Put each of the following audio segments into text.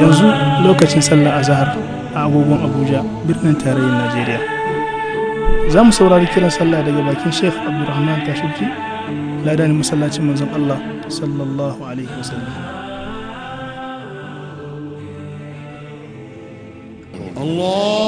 yanzu lokacin sallah azahar a agogon abuja birnin tarayyar najeriya za mu saurari kiran sallah daga bakin sheikh abdulrahman tashuki ladani masallacin manzon allah sallallahu alaihi wasallam Allah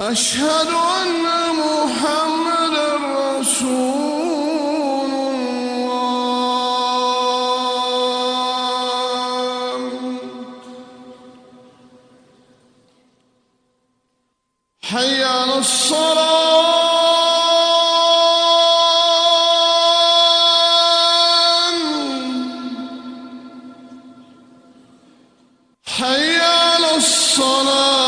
أشهد أن محمد رسول الله حي على الصلاه حي على الصلاه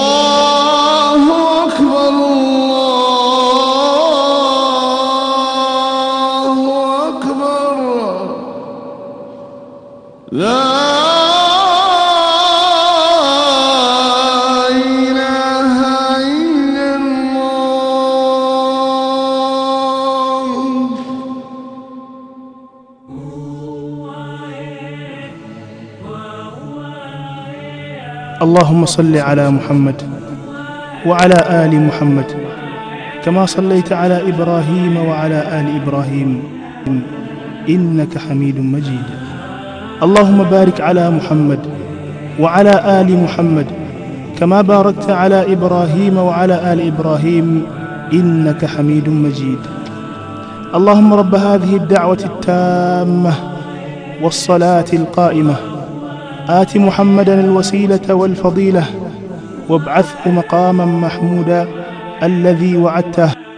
اللهم صل على محمد وعلى آل محمد كما صليت على إبراهيم وعلى آل إبراهيم إنك حميد مجيد اللهم بارك على محمد وعلى آل محمد كما باركت على إبراهيم وعلى آل إبراهيم إنك حميد مجيد اللهم رب هذه الدعوة التامة والصلاة القائمة آت محمدا الوسيلة والفضيلة وابعثه مقاما محمودا الذي وعدته